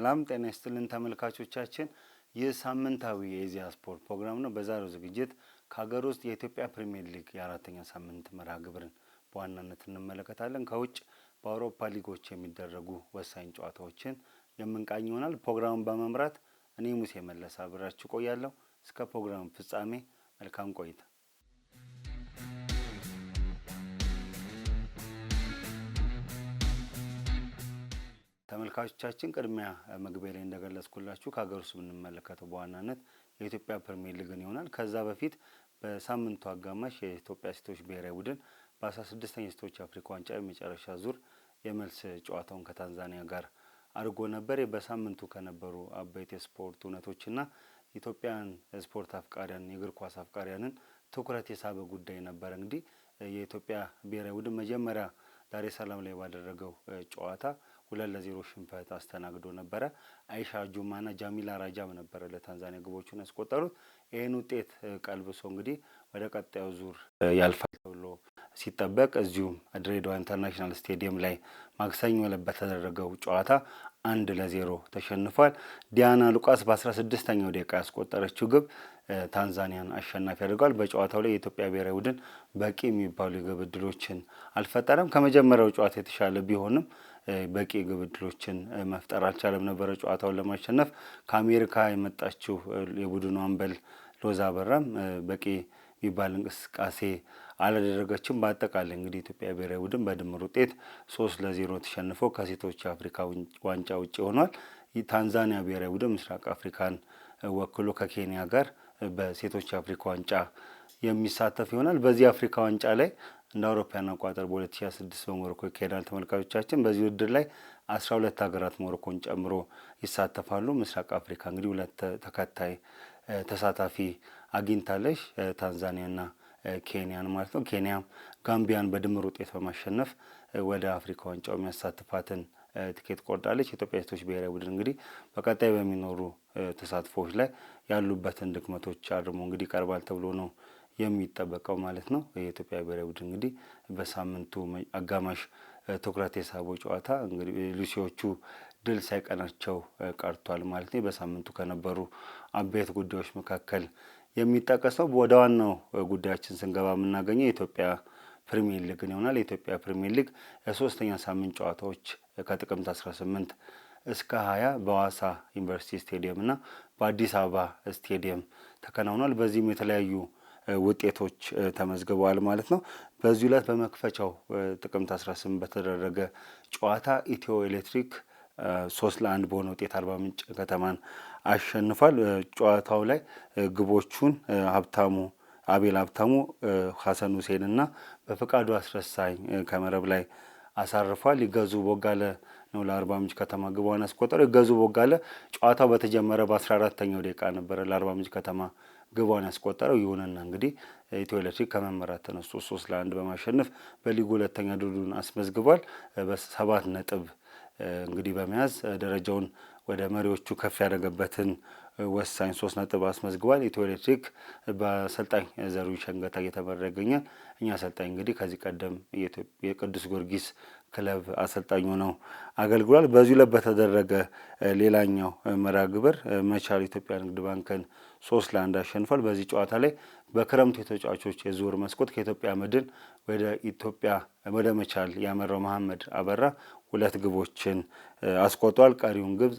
ሰላም ጤና ይስጥልን ተመልካቾቻችን፣ ይህ ሳምንታዊ የኢዜአ ስፖርት ፕሮግራም ነው። በዛሬው ዝግጅት ከሀገር ውስጥ የኢትዮጵያ ፕሪምየር ሊግ የአራተኛ ሳምንት መርሃ ግብርን በዋናነት እንመለከታለን። ከውጭ በአውሮፓ ሊጎች የሚደረጉ ወሳኝ ጨዋታዎችን የምንቃኝ ይሆናል። ፕሮግራሙን በመምራት እኔ ሙሴ መለስ አብራችሁ ቆያለሁ። እስከ ፕሮግራሙ ፍጻሜ መልካም ቆይታ ተመልካቾቻችን ቅድሚያ መግቢያ ላይ እንደገለጽኩላችሁ ከሀገር ውስጥ የምንመለከተው በዋናነት የኢትዮጵያ ፕሪሚየር ሊግን ይሆናል። ከዛ በፊት በሳምንቱ አጋማሽ የኢትዮጵያ ሴቶች ብሔራዊ ቡድን በአስራ ስድስተኛ ሴቶች አፍሪካ ዋንጫ የመጨረሻ ዙር የመልስ ጨዋታውን ከታንዛኒያ ጋር አድርጎ ነበር። በሳምንቱ ከነበሩ አበይት የስፖርት እውነቶችና ኢትዮጵያን ስፖርት አፍቃሪያን የእግር ኳስ አፍቃሪያንን ትኩረት የሳበ ጉዳይ ነበረ እንግዲህ የኢትዮጵያ ብሔራዊ ቡድን መጀመሪያ ዳሬ ሰላም ላይ ባደረገው ጨዋታ ሁለት ለዜሮ ሽንፈት አስተናግዶ ነበረ። አይሻ ጁማና ጃሚላ ራጃም ነበረ ለታንዛኒያ ግቦቹን ያስቆጠሩት። ይህን ውጤት ቀልብሶ እንግዲህ ወደ ቀጣዩ ዙር ያልፋል ተብሎ ሲጠበቅ እዚሁም ድሬዳዋ ኢንተርናሽናል ስቴዲየም ላይ ማክሰኞ በተደረገው ጨዋታ አንድ ለዜሮ ተሸንፏል። ዲያና ሉቃስ በ16ኛው ደቂቃ ያስቆጠረችው ግብ ታንዛኒያን አሸናፊ አድርገዋል። በጨዋታው ላይ የኢትዮጵያ ብሔራዊ ቡድን በቂ የሚባሉ የግብ ዕድሎችን አልፈጠረም። ከመጀመሪያው ጨዋታ የተሻለ ቢሆንም በቂ የግብ ዕድሎችን መፍጠር አልቻለም ነበረ ጨዋታውን ለማሸነፍ። ከአሜሪካ የመጣችው የቡድኑ አምበል ሎዛ አበራም በቂ የሚባል እንቅስቃሴ አላደረገችም። በአጠቃላይ እንግዲህ ኢትዮጵያ ብሔራዊ ቡድን በድምር ውጤት ሶስት ለዜሮ ተሸንፎ ከሴቶች አፍሪካ ዋንጫ ውጭ ሆኗል። ታንዛኒያ ብሔራዊ ቡድን ምስራቅ አፍሪካን ወክሎ ከኬንያ ጋር በሴቶች አፍሪካ ዋንጫ የሚሳተፍ ይሆናል። በዚህ አፍሪካ ዋንጫ ላይ እንደ አውሮፓውያን አቆጣጠር በ2026 በሞሮኮ ይካሄዳል። ተመልካቾቻችን በዚህ ውድድር ላይ 12 ሀገራት ሞሮኮን ጨምሮ ይሳተፋሉ። ምስራቅ አፍሪካ እንግዲህ ሁለት ተከታይ ተሳታፊ አግኝታለች፣ ታንዛኒያና ኬንያን ማለት ነው። ኬንያም ጋምቢያን በድምር ውጤት በማሸነፍ ወደ አፍሪካ ዋንጫው የሚያሳትፋትን ትኬት ቆርጣለች። የኢትዮጵያ ሴቶች ብሔራዊ ቡድን እንግዲህ በቀጣይ በሚኖሩ ተሳትፎዎች ላይ ያሉበትን ድክመቶች አርሞ እንግዲህ ይቀርባል ተብሎ ነው የሚጠበቀው ማለት ነው። የኢትዮጵያ ብሔራዊ ቡድን እንግዲህ በሳምንቱ አጋማሽ ትኩረት የሳቦ ጨዋታ እንግዲህ ሉሲዎቹ ድል ሳይቀናቸው ቀርቷል ማለት ነው። በሳምንቱ ከነበሩ አበይት ጉዳዮች መካከል የሚጠቀስ ነው። ወደ ዋናው ጉዳያችን ስንገባ የምናገኘው የኢትዮጵያ ፕሪሚየር ሊግን ይሆናል። የኢትዮጵያ ፕሪሚየር ሊግ የሶስተኛ ሳምንት ጨዋታዎች ከጥቅምት 18 እስከ 20 በሐዋሳ ዩኒቨርሲቲ ስቴዲየም እና በአዲስ አበባ ስቴዲየም ተከናውኗል። በዚህም የተለያዩ ውጤቶች ተመዝግበዋል ማለት ነው። በዚሁ ዕለት በመክፈቻው ጥቅምት 18 በተደረገ ጨዋታ ኢትዮ ኤሌክትሪክ ሶስት ለአንድ በሆነ ውጤት አርባ ምንጭ ከተማን አሸንፏል። ጨዋታው ላይ ግቦቹን ሀብታሙ አቤል ሀብታሙ፣ ሀሰን ሁሴን እና በፈቃዱ አስረሳኝ ከመረብ ላይ አሳርፏል። ይገዙ ቦጋለ ነው ለአርባ ምንጭ ከተማ ግቧን ያስቆጠረው። ይገዙ ቦጋለ ጨዋታው በተጀመረ በ14ተኛው ደቂቃ ነበረ ለአርባ ምንጭ ከተማ ግቧን ያስቆጠረው። ይሁንና እንግዲህ ኢትዮ ኤሌክትሪክ ከመመራት ተነስቶ ሶስት ለአንድ በማሸነፍ በሊጉ ሁለተኛ ድሉን አስመዝግቧል። በሰባት ነጥብ እንግዲህ በመያዝ ደረጃውን ወደ መሪዎቹ ከፍ ያደረገበትን ወሳኝ ሶስት ነጥብ አስመዝግቧል። ኢትዮ ኤሌክትሪክ በአሰልጣኝ ዘሪሁን ሸንገታ እየተመራ ይገኛል። እኛ አሰልጣኝ እንግዲህ ከዚህ ቀደም የቅዱስ ጊዮርጊስ ክለብ አሰልጣኙ ነው አገልግሏል። በዚሁ ዕለት በተደረገ ሌላኛው መርሃ ግብር መቻል ኢትዮጵያ ንግድ ባንክን ሶስት ለአንድ አሸንፏል። በዚህ ጨዋታ ላይ በክረምቱ የተጫዋቾች የዝውውር መስኮት ከኢትዮጵያ መድን ወደ ኢትዮጵያ ወደ መቻል ያመራው መሐመድ አበራ ሁለት ግቦችን አስቆጧል። ቀሪውን ግብ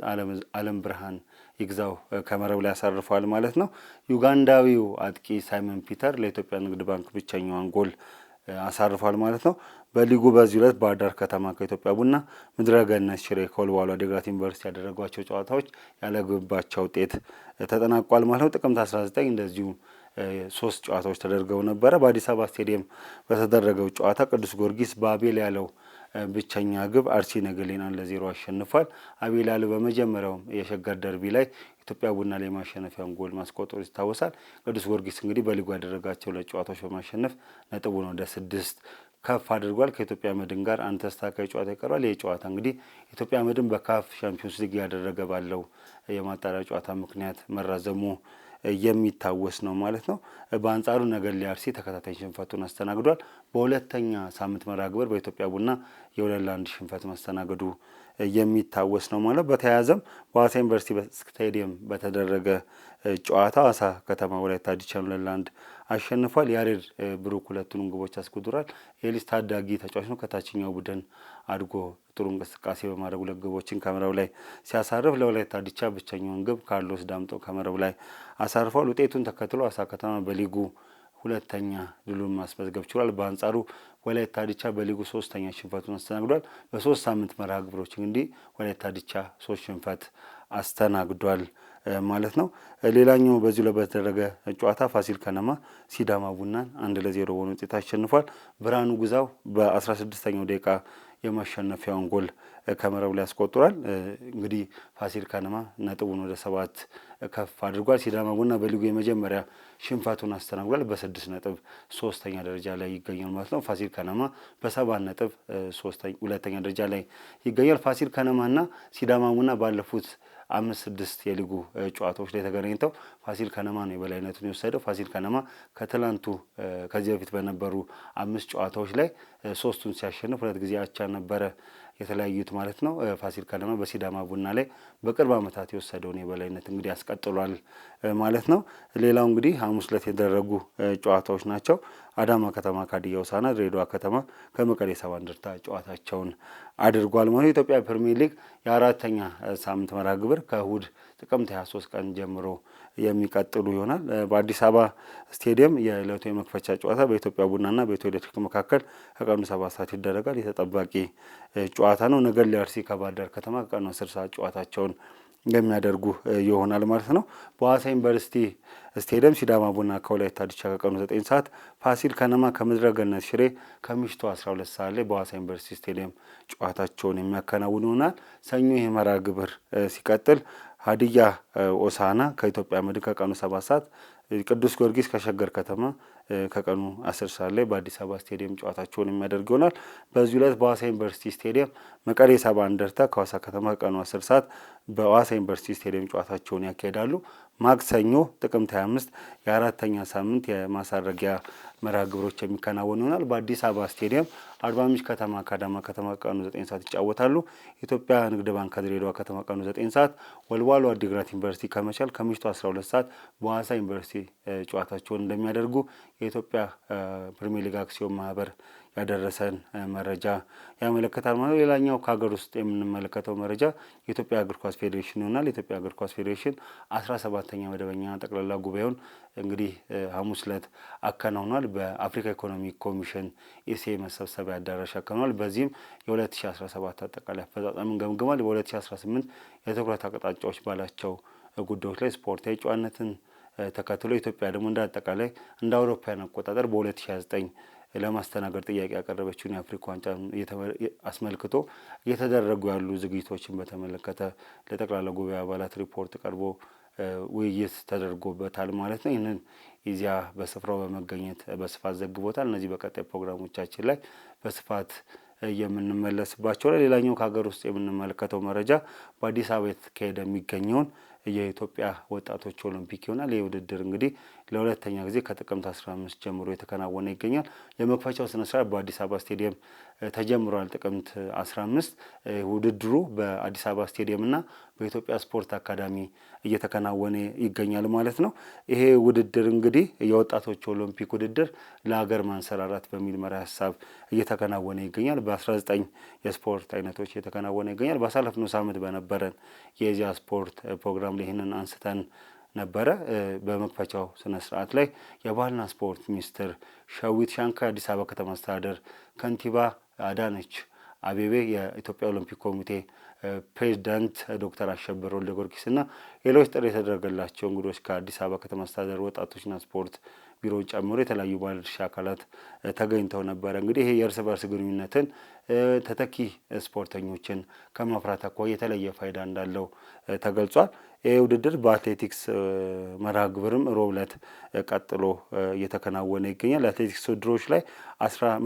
አለም ብርሃን ይግዛው ከመረብ ላይ ያሳርፈዋል ማለት ነው። ዩጋንዳዊው አጥቂ ሳይመን ፒተር ለኢትዮጵያ ንግድ ባንክ ብቸኛዋን ጎል አሳርፏል ማለት ነው። በሊጉ በዚህ ዕለት ባህር ዳር ከተማ ከኢትዮጵያ ቡና፣ ምድረገነት ሽሬ ከወልዋሎ ዓዲግራት ዩኒቨርሲቲ ያደረጓቸው ጨዋታዎች ያለግባቸው ውጤት ተጠናቋል ማለት ነው። ጥቅምት 19 እንደዚሁ ሶስት ጨዋታዎች ተደርገው ነበረ። በአዲስ አበባ ስቴዲየም በተደረገው ጨዋታ ቅዱስ ጊዮርጊስ በአቤል ያለው ብቸኛ ግብ አርሲ ነገሌን አንድ ለዜሮ አሸንፏል። አቤል ያለው በመጀመሪያውም የሸገር ደርቢ ላይ ኢትዮጵያ ቡና ላይ ማሸነፊያን ጎል ማስቆጠሩ ይታወሳል። ቅዱስ ጊዮርጊስ እንግዲህ በሊጉ ያደረጋቸው ለጨዋታዎች በማሸነፍ ነጥቡ ነው ወደ ስድስት ከፍ አድርጓል። ከኢትዮጵያ መድን ጋር አንድ ተስተካካይ ጨዋታ ይቀርባል። ይህ ጨዋታ እንግዲህ ኢትዮጵያ መድን በካፍ ሻምፒዮንስ ሊግ ያደረገ ባለው የማጣሪያ ጨዋታ ምክንያት መራዘሙ የሚታወስ ነው ማለት ነው። በአንጻሩ ነገሌ አርሲ ተከታታይ ሽንፈቱን አስተናግዷል። በሁለተኛ ሳምንት መርሃ ግብር በኢትዮጵያ ቡና የሁለት ለአንድ ሽንፈት ማስተናገዱ የሚታወስ ነው ማለት። በተያያዘም በአዋሳ ዩኒቨርሲቲ ስታዲየም በተደረገ ጨዋታ አዋሳ ከተማ ወላይታ ዲቻን ሁለት ለአንድ አሸንፏል። ያሬድ ብሩክ ሁለቱን ግቦች አስቆጥሯል። ኤሊስ ታዳጊ ተጫዋች ነው። ከታችኛው ቡድን አድጎ ጥሩ እንቅስቃሴ በማድረግ ሁለት ግቦችን ከመረብ ላይ ሲያሳርፍ ለወላይታ ዲቻ ብቸኛውን ግብ ካርሎስ ዳምጦ ከመረብ ላይ አሳርፏል። ውጤቱን ተከትሎ አዋሳ ከተማ በሊጉ ሁለተኛ ድሉን ማስመዝገብ ችሏል። በአንጻሩ ወላይታ ዲቻ በሊጉ ሶስተኛ ሽንፈቱን አስተናግዷል። በሶስት ሳምንት መርሃ ግብሮች እንግዲህ ወላይታ ዲቻ ሶስት ሽንፈት አስተናግዷል ማለት ነው። ሌላኛው በዚሁ ላይ ጨዋታ ፋሲል ከነማ ሲዳማ ቡናን አንድ ለዜሮ በሆነ ውጤት አሸንፏል። ብርሃኑ ጉዛው በአስራ ስድስተኛው ደቂቃ የማሸነፊያውን ጎል ከመረብ ላይ ያስቆጥሯል። እንግዲህ ፋሲል ከነማ ነጥቡን ወደ ሰባት ከፍ አድርጓል። ሲዳማ ቡና በሊጉ የመጀመሪያ ሽንፈቱን አስተናግዷል። በስድስት ነጥብ ሶስተኛ ደረጃ ላይ ይገኛል ማለት ነው። ፋሲል ከነማ በሰባት ነጥብ ሁለተኛ ደረጃ ላይ ይገኛል። ፋሲል ከነማና ሲዳማ ቡና ባለፉት አምስት ስድስት የሊጉ ጨዋታዎች ላይ ተገናኝተው ፋሲል ከነማ ነው የበላይነቱን የወሰደው። ፋሲል ከነማ ከትላንቱ ከዚህ በፊት በነበሩ አምስት ጨዋታዎች ላይ ሶስቱን ሲያሸንፍ ሁለት ጊዜ አቻ ነበረ የተለያዩት ማለት ነው። ፋሲል ከነማ በሲዳማ ቡና ላይ በቅርብ ዓመታት የወሰደውን የበላይነት እንግዲህ ያስቀጥሏል ማለት ነው። ሌላው እንግዲህ ሐሙስ ዕለት የተደረጉ ጨዋታዎች ናቸው። አዳማ ከተማ ከሀዲያ ሆሳዕና፣ ድሬዳዋ ከተማ ከመቀሌ ሰባ እንደርታ ጨዋታቸውን አድርጓል ማለት ኢትዮጵያ የኢትዮጵያ ፕሪሚየር ሊግ የአራተኛ ሳምንት መርሃ ግብር ከእሁድ ጥቅምት 23 ቀን ጀምሮ የሚቀጥሉ ይሆናል። በአዲስ አበባ ስቴዲየም የዕለቱ የመክፈቻ ጨዋታ በኢትዮጵያ ቡናና በኢትዮ ኤሌክትሪክ መካከል ከቀኑ ሰባት ሰዓት ይደረጋል። የተጠባቂ ጨዋታ ነው። ነገ ሊያርሲ ከባህር ዳር ከተማ ከቀኑ አስር ሰዓት ጨዋታቸውን የሚያደርጉ ይሆናል ማለት ነው። በሐዋሳ ዩኒቨርሲቲ ስቴዲየም ሲዳማ ቡና ከወላይታ ዲቻ ከቀኑ ዘጠኝ ሰዓት፣ ፋሲል ከነማ ከምድረ ገነት ሽሬ ከምሽቱ 12 ሰዓት ላይ በሐዋሳ ዩኒቨርሲቲ ስቴዲየም ጨዋታቸውን የሚያከናውኑ ይሆናል። ሰኞ የመራ ግብር ሲቀጥል ሀዲያ ኦሳና ከኢትዮጵያ መድን ከቀኑ ሰባት ሰዓት፣ ቅዱስ ጊዮርጊስ ከሸገር ከተማ ከቀኑ አስር ሰዓት ላይ በአዲስ አበባ ስቴዲየም ጨዋታቸውን የሚያደርግ ይሆናል። በዚሁ ዕለት በዋሳ ዩኒቨርሲቲ ስቴዲየም መቀሌ ሰባ እንደርታ ከዋሳ ከተማ ከቀኑ አስር ሰዓት በዋሳ ዩኒቨርሲቲ ስቴዲየም ጨዋታቸውን ያካሄዳሉ ማክሰኞ ጥቅምት 25 የአራተኛ ሳምንት የማሳረጊያ መርሃ ግብሮች የሚከናወኑ ይሆናል። በአዲስ አበባ ስቴዲየም አርባ ምንጭ ከተማ ከአዳማ ከተማ ቀኑ 9 ሰዓት ይጫወታሉ። ኢትዮጵያ ንግድ ባንክ ከድሬዳዋ ከተማ ቀኑ 9 ሰዓት፣ ወልዋሎ አዲግራት ዩኒቨርሲቲ ከመቻል ከምሽቱ 12 ሰዓት በዋሳ ዩኒቨርሲቲ ጨዋታቸውን እንደሚያደርጉ የኢትዮጵያ ፕሪሚየር ሊግ አክሲዮን ማህበር ያደረሰን መረጃ ያመለከታል ማለት ነው። ሌላኛው ከሀገር ውስጥ የምንመለከተው መረጃ የኢትዮጵያ እግር ኳስ ፌዴሬሽን ይሆናል። የኢትዮጵያ እግር ኳስ ፌዴሬሽን አስራ ሰባተኛ መደበኛ ጠቅላላ ጉባኤውን እንግዲህ ሐሙስ ዕለት አከናውኗል። በአፍሪካ ኢኮኖሚ ኮሚሽን ኢሴ መሰብሰቢያ አዳራሽ አከናውኗል። በዚህም የ2017 አጠቃላይ አፈጻጸምን ገምግሟል። በ2018 የትኩረት አቅጣጫዎች ባላቸው ጉዳዮች ላይ ስፖርት የጨዋነትን ተከትሎ ኢትዮጵያ ደግሞ እንደ አጠቃላይ እንደ አውሮፓውያን አቆጣጠር በ2029 ለማስተናገድ ጥያቄ ያቀረበችውን የአፍሪካ ዋንጫ አስመልክቶ እየተደረጉ ያሉ ዝግጅቶችን በተመለከተ ለጠቅላላ ጉባኤ አባላት ሪፖርት ቀርቦ ውይይት ተደርጎበታል ማለት ነው። ይህንን እዚያ በስፍራው በመገኘት በስፋት ዘግቦታል። እነዚህ በቀጣይ ፕሮግራሞቻችን ላይ በስፋት የምንመለስባቸው ላይ ሌላኛው ከሀገር ውስጥ የምንመለከተው መረጃ በአዲስ አበባ የተካሄደ የሚገኘውን የኢትዮጵያ ወጣቶች ኦሎምፒክ ይሆናል። ይህ ውድድር እንግዲህ ለሁለተኛ ጊዜ ከጥቅምት 15 ጀምሮ የተከናወነ ይገኛል። የመክፈቻው ስነስርዓት በአዲስ አበባ ስቴዲየም ተጀምሯል። ጥቅምት 15 ውድድሩ በአዲስ አበባ ስቴዲየም እና በኢትዮጵያ ስፖርት አካዳሚ እየተከናወነ ይገኛል ማለት ነው። ይሄ ውድድር እንግዲህ የወጣቶች ኦሎምፒክ ውድድር ለሀገር ማንሰራራት በሚል መሪ ሀሳብ እየተከናወነ ይገኛል። በ19 የስፖርት አይነቶች እየተከናወነ ይገኛል። ባሳለፍነው ሳምንት በነበረን የዚያ ስፖርት ፕሮግራም ላይ ይህንን አንስተን ነበረ። በመክፈቻው ስነ ስርዓት ላይ የባህልና ስፖርት ሚኒስትር ሸዊት ሻንካ፣ የአዲስ አበባ ከተማ አስተዳደር ከንቲባ አዳነች አቤቤ፣ የኢትዮጵያ ኦሎምፒክ ኮሚቴ ፕሬዚዳንት ዶክተር አሸብር ወልደ ጊዮርጊስ እና ሌሎች ጥሪ የተደረገላቸው እንግዶች ከአዲስ አበባ ከተማ አስተዳደር ወጣቶችና ስፖርት ቢሮ ጨምሮ የተለያዩ ባለድርሻ አካላት ተገኝተው ነበረ። እንግዲህ ይሄ የእርስ በርስ ግንኙነትን ተተኪ ስፖርተኞችን ከማፍራት አኳያ የተለየ ፋይዳ እንዳለው ተገልጿል። ይህ ውድድር በአትሌቲክስ መርሃ ግብርም ሮብለት ቀጥሎ እየተከናወነ ይገኛል። አትሌቲክስ ውድድሮች ላይ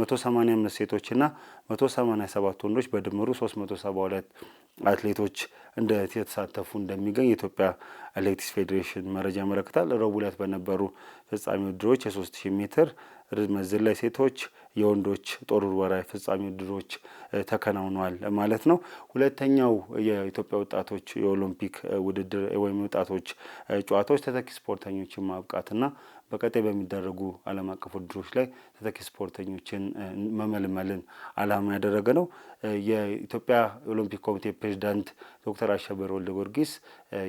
185 ሴቶችና 187 ወንዶች በድምሩ 372 አትሌቶች የተሳተፉ እንደሚገኝ የኢትዮጵያ አትሌቲክስ ፌዴሬሽን መረጃ ያመለክታል። ሮብ ዕለት በነበሩ ፍጻሜ ውድድሮች የ3000 ሜትር ርዝመት ዝላይ ሴቶች የወንዶች ጦር ውርወራ የፍጻሜ ውድድሮች ተከናውኗል ማለት ነው። ሁለተኛው የኢትዮጵያ ወጣቶች የኦሎምፒክ ውድድር ወይም ወጣቶች ጨዋታዎች ተተኪ ስፖርተኞችን ማብቃትና በቀጣይ በሚደረጉ ዓለም አቀፍ ውድድሮች ላይ ተተኪ ስፖርተኞችን መመልመልን ዓላማ ያደረገ ነው። የኢትዮጵያ ኦሎምፒክ ኮሚቴ ፕሬዚዳንት ዶክተር አሸበር ወልደ ጊዮርጊስ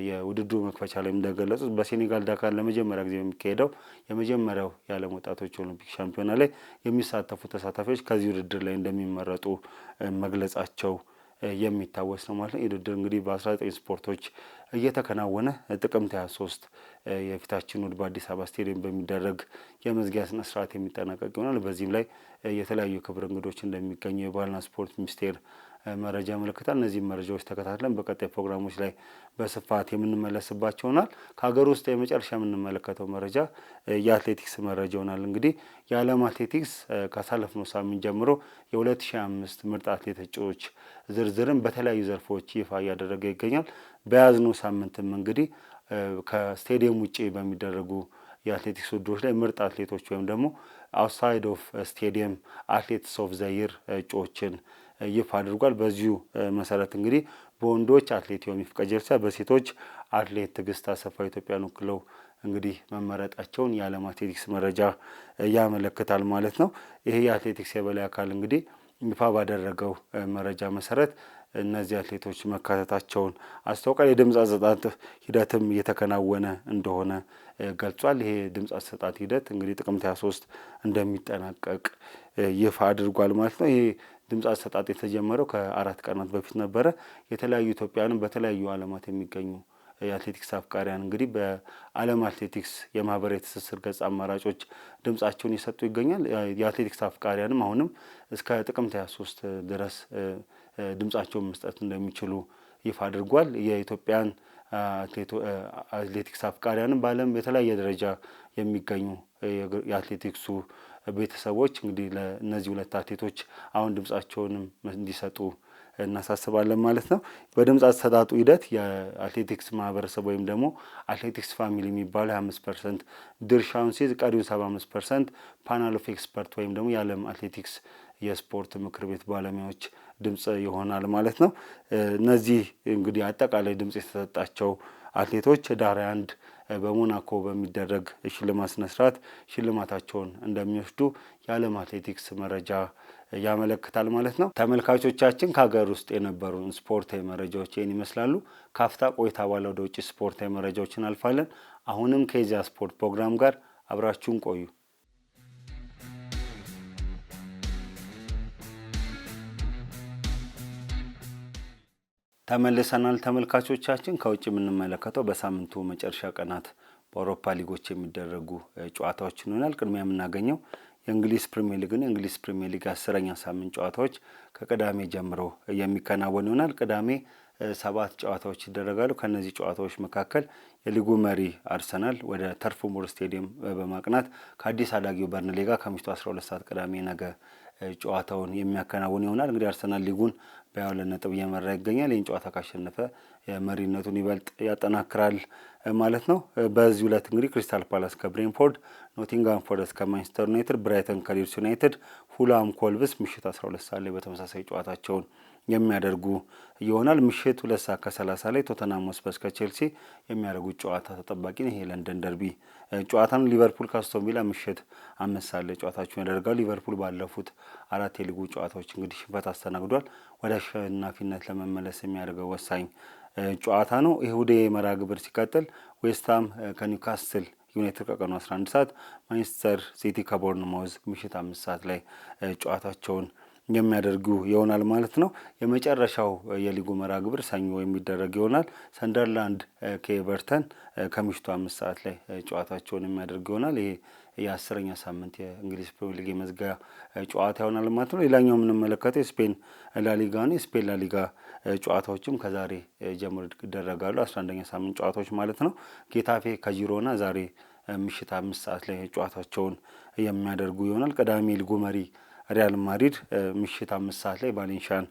የውድድሩ መክፈቻ ላይ እንደገለጹት በሴኔጋል ዳካር ለመጀመሪያ ጊዜ በሚካሄደው የመጀመሪያው የዓለም ወጣቶች ኦሎምፒክ ሻምፒዮና ላይ የሚሳተፉ ተሳታፊዎች ከዚህ ውድድር ላይ እንደሚመረጡ መግለጻቸው የሚታወስ ነው ማለት ነው። ይህ ውድድር እንግዲህ በ19 ስፖርቶች እየተከናወነ ጥቅምት 23 የፊታችን እሁድ በአዲስ አበባ ስቴዲየም በሚደረግ የመዝጊያ ስነ ስርዓት የሚጠናቀቅ ይሆናል። በዚህም ላይ የተለያዩ ክብር እንግዶች እንደሚገኙ የባህልና ስፖርት ሚኒስቴር መረጃ ያመለክታል። እነዚህም መረጃዎች ተከታትለን በቀጣይ ፕሮግራሞች ላይ በስፋት የምንመለስባቸው ይሆናል። ከሀገር ውስጥ የመጨረሻ የምንመለከተው መረጃ የአትሌቲክስ መረጃ ይሆናል። እንግዲህ የዓለም አትሌቲክስ ካሳለፍነው ሳምንት ጀምሮ የ2025 ምርጥ አትሌት እጩዎች ዝርዝርን በተለያዩ ዘርፎች ይፋ እያደረገ ይገኛል። በያዝነው ሳምንትም እንግዲህ ከስቴዲየም ውጭ በሚደረጉ የአትሌቲክስ ውድድሮች ላይ ምርጥ አትሌቶች ወይም ደግሞ አውትሳይድ ኦፍ ስቴዲየም አትሌትስ ኦፍ ዘይር እጩዎችን ይፋ አድርጓል። በዚሁ መሰረት እንግዲህ በወንዶች አትሌት ዮሚፍ ቀጀልቻ በሴቶች አትሌት ትዕግስት አሰፋ ኢትዮጵያን ወክለው እንግዲህ መመረጣቸውን የዓለም አትሌቲክስ መረጃ ያመለክታል ማለት ነው። ይሄ የአትሌቲክስ የበላይ አካል እንግዲህ ይፋ ባደረገው መረጃ መሰረት እነዚህ አትሌቶች መካተታቸውን አስታውቃል። የድምፅ አሰጣጥ ሂደትም እየተከናወነ እንደሆነ ገልጿል። ይሄ ድምፅ አሰጣጥ ሂደት እንግዲህ ጥቅምት 23 እንደሚጠናቀቅ ይፋ አድርጓል ማለት ነው። ይሄ ድምፅ አሰጣጥ የተጀመረው ከአራት ቀናት በፊት ነበረ። የተለያዩ ኢትዮጵያውያንም በተለያዩ ዓለማት የሚገኙ የአትሌቲክስ አፍቃሪያን እንግዲህ በዓለም አትሌቲክስ የማህበራዊ ትስስር ገጽ አማራጮች ድምፃቸውን እየሰጡ ይገኛል። የአትሌቲክስ አፍቃሪያንም አሁንም እስከ ጥቅምት 23 ድረስ ድምጻቸውን መስጠት እንደሚችሉ ይፋ አድርጓል። የኢትዮጵያን አትሌቲክስ አፍቃሪያንም በዓለም በተለያየ ደረጃ የሚገኙ የአትሌቲክሱ ቤተሰቦች እንግዲህ ለእነዚህ ሁለት አትሌቶች አሁን ድምጻቸውንም እንዲሰጡ እናሳስባለን ማለት ነው። በድምፅ አሰጣጡ ሂደት የአትሌቲክስ ማህበረሰብ ወይም ደግሞ አትሌቲክስ ፋሚሊ የሚባለው 25 ፐርሰንት ድርሻውን ሲይዝ ቀሪውን 75 ፐርሰንት ፓናል ኦፍ ኤክስፐርት ወይም ደግሞ የዓለም አትሌቲክስ የስፖርት ምክር ቤት ባለሙያዎች ድምፅ ይሆናል ማለት ነው። እነዚህ እንግዲህ አጠቃላይ ድምፅ የተሰጣቸው አትሌቶች ዳር አንድ በሞናኮ በሚደረግ ሽልማት ስነስርዓት ሽልማታቸውን እንደሚወስዱ የዓለም አትሌቲክስ መረጃ ያመለክታል ማለት ነው። ተመልካቾቻችን ከሀገር ውስጥ የነበሩ ስፖርታዊ መረጃዎች ይህን ይመስላሉ። ካፍታ ቆይታ ባለ ወደ ውጭ ስፖርታዊ መረጃዎችን አልፋለን። አሁንም ከዚያ ስፖርት ፕሮግራም ጋር አብራችሁን ቆዩ። ተመልሰናል ተመልካቾቻችን። ከውጭ የምንመለከተው በሳምንቱ መጨረሻ ቀናት በአውሮፓ ሊጎች የሚደረጉ ጨዋታዎችን ይሆናል። ቅድሚያ የምናገኘው የእንግሊዝ ፕሪሚየር ሊግን የእንግሊዝ ፕሪሚየር ሊግ አስረኛ ሳምንት ጨዋታዎች ከቅዳሜ ጀምሮ የሚከናወን ይሆናል። ቅዳሜ ሰባት ጨዋታዎች ይደረጋሉ። ከእነዚህ ጨዋታዎች መካከል የሊጉ መሪ አርሰናል ወደ ተርፍ ሙር ስቴዲየም በማቅናት ከአዲስ አዳጊው በርንሌ ጋር ከምሽቱ 12 ሰዓት ቅዳሜ ነገ ጨዋታውን የሚያከናውን ይሆናል። እንግዲህ አርሰናል ሊጉን በሁለት ነጥብ እየመራ ይገኛል። ይህን ጨዋታ ካሸነፈ መሪነቱን ይበልጥ ያጠናክራል ማለት ነው። በዚህ ሁለት እንግዲህ ክሪስታል ፓላስ ከብሬንፎርድ፣ ኖቲንጋም ፎረስት ከማንቸስተር ዩናይትድ፣ ብራይተን ከሊድስ ዩናይትድ፣ ሁላም ኮልብስ ምሽት 12 ሰዓት ላይ በተመሳሳይ ጨዋታቸውን የሚያደርጉ ይሆናል። ምሽት ሁለት ሰዓት ከሰላሳ ላይ ቶተናም ሆትስፐርስ ከቼልሲ የሚያደርጉት ጨዋታ ተጠባቂ ነው። ይሄ ለንደን ደርቢ ጨዋታ ነው። ሊቨርፑል ከአስቶን ቪላ ምሽት አምስት ሰዓት ላይ ጨዋታቸውን ያደርጋሉ። ሊቨርፑል ባለፉት አራት የሊጉ ጨዋታዎች እንግዲህ ሽንፈት አስተናግዷል። ወደ አሸናፊነት ለመመለስ የሚያደርገው ወሳኝ ጨዋታ ነው። ይሁዴ የመራ ግብር ሲቀጥል ዌስትሃም ከኒውካስትል ዩናይትድ ከቀኑ 11 ሰዓት፣ ማንቸስተር ሲቲ ከቦርንማውዝ ምሽት አምስት ሰዓት ላይ ጨዋታቸውን የሚያደርጉ ይሆናል ማለት ነው። የመጨረሻው የሊጉ መርሃ ግብር ሰኞ የሚደረግ ይሆናል። ሰንደርላንድ ከኤቨርተን ከምሽቱ አምስት ሰዓት ላይ ጨዋታቸውን የሚያደርግ ይሆናል። ይሄ የአስረኛ ሳምንት የእንግሊዝ ፕሪሚየር ሊግ የመዝጊያ ጨዋታ ይሆናል ማለት ነው። ሌላኛው የምንመለከተው የስፔን ላሊጋ ነው። የስፔን ላሊጋ ጨዋታዎችም ከዛሬ ጀምሮ ይደረጋሉ። አስራ አንደኛ ሳምንት ጨዋታዎች ማለት ነው። ጌታፌ ከጂሮና ዛሬ ምሽት አምስት ሰዓት ላይ ጨዋታቸውን የሚያደርጉ ይሆናል። ቀዳሚ ሊጉ መሪ ሪያል ማድሪድ ምሽት አምስት ሰዓት ላይ ባሌንሻን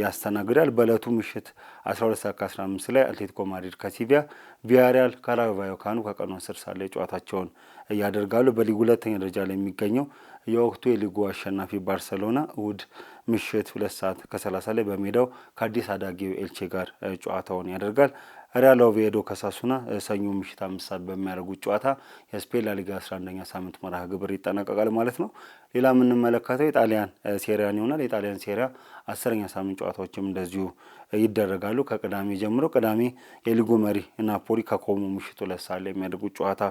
ያስተናግዳል። በእለቱ ምሽት 12 ሰዓት 15 ላይ አትሌቲኮ ማድሪድ ከሲቪያ፣ ቪያሪያል ካራቫዮ ካኑ ከቀኑ 10 ሰዓት ላይ ጨዋታቸውን ያደርጋሉ። በሊግ ሁለተኛ ደረጃ ላይ የሚገኘው የወቅቱ የሊጉ አሸናፊ ባርሰሎና እሁድ ምሽት ሁለት ሰዓት ከሰላሳ ላይ በሜዳው ከአዲስ አዳጊው ኤልቼ ጋር ጨዋታውን ያደርጋል። ሪያል ኦቪዬዶ ከሳሱና ሰኞ ምሽት አምስት ሰዓት በሚያደርጉት ጨዋታ የስፔን ላሊጋ አስራ ኛ ሳምንት መርሃ ግብር ይጠናቀቃል ማለት ነው። ሌላ የምንመለከተው የጣሊያን ሴሪያን ይሆናል። የጣሊያን ሴሪያ አስረኛ ሳምንት ጨዋታዎችም እንደዚሁ ይደረጋሉ። ከቅዳሜ ጀምሮ ቅዳሜ የሊጉ መሪ ናፖሊ ከኮሞ ምሽቱ ሁለት ሰዓት ላይ የሚያደርጉት ጨዋታ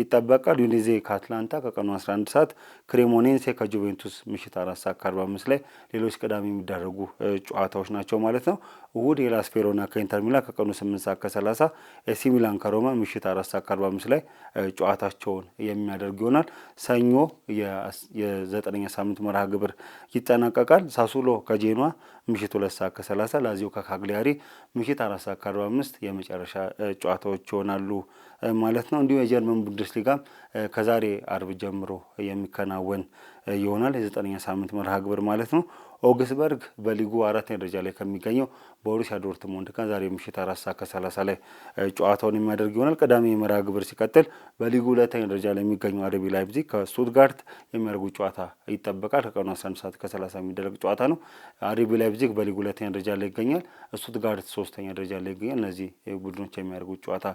ይጠበቃል። ዩኒዜ ከአትላንታ ከቀኑ 11 ሰዓት፣ ክሬሞኔንሴ ከጁቬንቱስ ምሽት አራት ሰዓት ከ45 ላይ ሌሎች ቅዳሜ የሚደረጉ ጨዋታዎች ናቸው ማለት ነው። እሁድ ሄላስ ቬሮና ከኢንተር ሚላን ከቀኑ 8 ሰዓት ከ30፣ ኤሲ ሚላን ከሮማ ምሽት 4 ሰዓት ከ45 ላይ ጨዋታቸውን የሚያደርግ ይሆናል። ሰኞ የዘጠነኛ ሳምንት መርሃ ግብር ይጠናቀቃል። ሳሱሎ ከጄኖ ምሽት ሁለት ሰዓት ከሰላሳ ላዚዮ ከካግሊያሪ ምሽት አራት ሰዓት ከአርባ አምስት የመጨረሻ ጨዋታዎች ይሆናሉ ማለት ነው። እንዲሁም የጀርመን ቡንደስሊጋም ከዛሬ አርብ ጀምሮ የሚከናወን ይሆናል የዘጠነኛ ሳምንት መርሃ ግብር ማለት ነው። ኦግስበርግ በሊጉ አራተኛ ደረጃ ላይ ከሚገኘው ቦሩሲያ ዶርትሞንድ ቀን ዛሬ ምሽት አራት ሰዓት ከሰላሳ ላይ ጨዋታውን የሚያደርግ ይሆናል። ቀዳሚ የመራ ግብር ሲቀጥል በሊጉ ሁለተኛ ደረጃ ላይ የሚገኙ አረቢ ላይፕዚግ ከስቱትጋርት የሚያደርጉ ጨዋታ ይጠበቃል። ከቀኑ 11 ሰዓት ከሰላሳ የሚደረግ ጨዋታ ነው። አረቢ ላይፕዚግ በሊጉ ሁለተኛ ደረጃ ላይ ይገኛል። ስቱትጋርት ሶስተኛ ደረጃ ላይ ይገኛል። እነዚህ ቡድኖች የሚያደርጉ ጨዋታ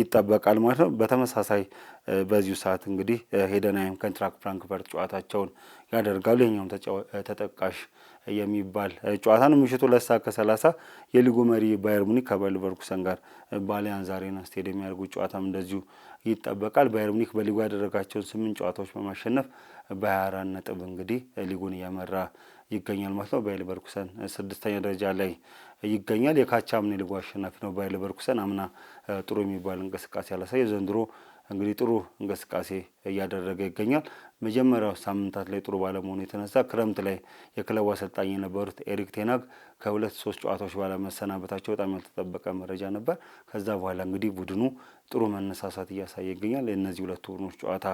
ይጠበቃል ማለት ነው። በተመሳሳይ በዚሁ ሰዓት እንግዲህ ሄደናይም ከንትራክ ፍራንክፈርት ጨዋታቸውን ያደርጋሉ። ይህኛውም ተጠቃሽ የሚባል ጨዋታ ነው። ምሽቱ ሁለት ሰዓት ከሰላሳ የሊጉ መሪ ባየር ሙኒክ ከባየር ሌቨርኩሰን ጋር በአሊያንዝ አሬና ስቴዲየም ያደርጉ ጨዋታም እንደዚሁ ይጠበቃል። ባየር ሙኒክ በሊጉ ያደረጋቸውን ስምንት ጨዋታዎች በማሸነፍ በሀያ አራት ነጥብ እንግዲህ ሊጉን እያመራ ይገኛል ማለት ነው። ባየር ሌቨርኩሰን ስድስተኛ ደረጃ ላይ ይገኛል። የካቻምና የሊጉ አሸናፊ ነው ባየር ሌቨርኩሰን። አምና ጥሩ የሚባል እንቅስቃሴ ያላሳየ ዘንድሮ እንግዲህ ጥሩ እንቅስቃሴ እያደረገ ይገኛል። መጀመሪያው ሳምንታት ላይ ጥሩ ባለመሆኑ የተነሳ ክረምት ላይ የክለቡ አሰልጣኝ የነበሩት ኤሪክ ቴናግ ከሁለት ሶስት ጨዋታዎች ባለመሰናበታቸው በጣም ያልተጠበቀ መረጃ ነበር። ከዛ በኋላ እንግዲህ ቡድኑ ጥሩ መነሳሳት እያሳየ ይገኛል። የእነዚህ ሁለቱ ቡድኖች ጨዋታ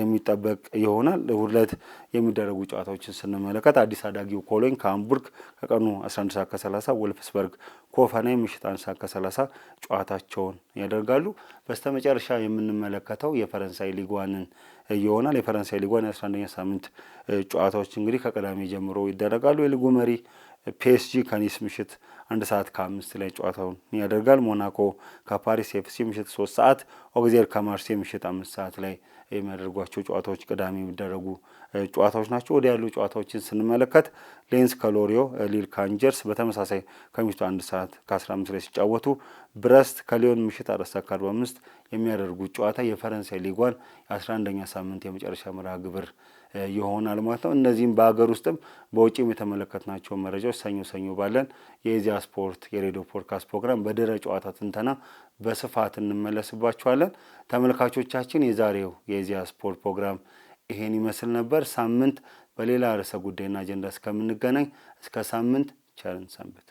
የሚጠበቅ ይሆናል። እሁድ ዕለት የሚደረጉ ጨዋታዎችን ስንመለከት አዲስ አዳጊው ኮሎኝ ከሀምቡርግ ከቀኑ 11 ሰዓት ከ30፣ ወልፍስበርግ ኮፈናይ ምሽት 1 ሰዓት ከ30 ጨዋታቸውን ያደርጋሉ። በስተመጨረሻ የምንመለከተው የፈረንሳይ ሊግ ዋንን ይሆናል። የፈረንሳይ ሊጓን የ11ኛ ሳምንት ጨዋታዎች እንግዲህ ከቅዳሜ ጀምሮ ይደረጋሉ። የሊጉ መሪ ፒኤስጂ ከኒስ ምሽት አንድ ሰዓት ከአምስት ላይ ጨዋታውን ያደርጋል። ሞናኮ ከፓሪስ ኤፍሲ ምሽት ሶስት ሰዓት፣ ኦግዜር ከማርሴ ምሽት አምስት ሰዓት ላይ የሚያደርጓቸው ጨዋታዎች ቅዳሜ የሚደረጉ ጨዋታዎች ናቸው። ወደ ያሉ ጨዋታዎችን ስንመለከት ሌንስ ከሎሪዮ፣ ሊል ከአንጀርስ በተመሳሳይ ከምሽቱ አንድ ሰዓት ከ15 ላይ ሲጫወቱ፣ ብረስት ከሊዮን ምሽት አራት ሰዓት የሚያደርጉት ጨዋታ የፈረንሳይ ሊጓን የ11ኛ ሳምንት የመጨረሻ መርሃ ግብር ይሆናል ማለት ነው። እነዚህም በሀገር ውስጥም በውጭም የተመለከትናቸው መረጃዎች ሰኞ ሰኞ ባለን የኢዜአ ስፖርት የሬዲዮ ፖድካስት ፕሮግራም በድረ ጨዋታ ትንተና በስፋት እንመለስባቸዋለን። ተመልካቾቻችን የዛሬው የኢዜአ ስፖርት ፕሮግራም ይሄን ይመስል ነበር። ሳምንት በሌላ ርዕሰ ጉዳይና አጀንዳ እስከምንገናኝ እስከ ሳምንት ቸርን ሰንብት።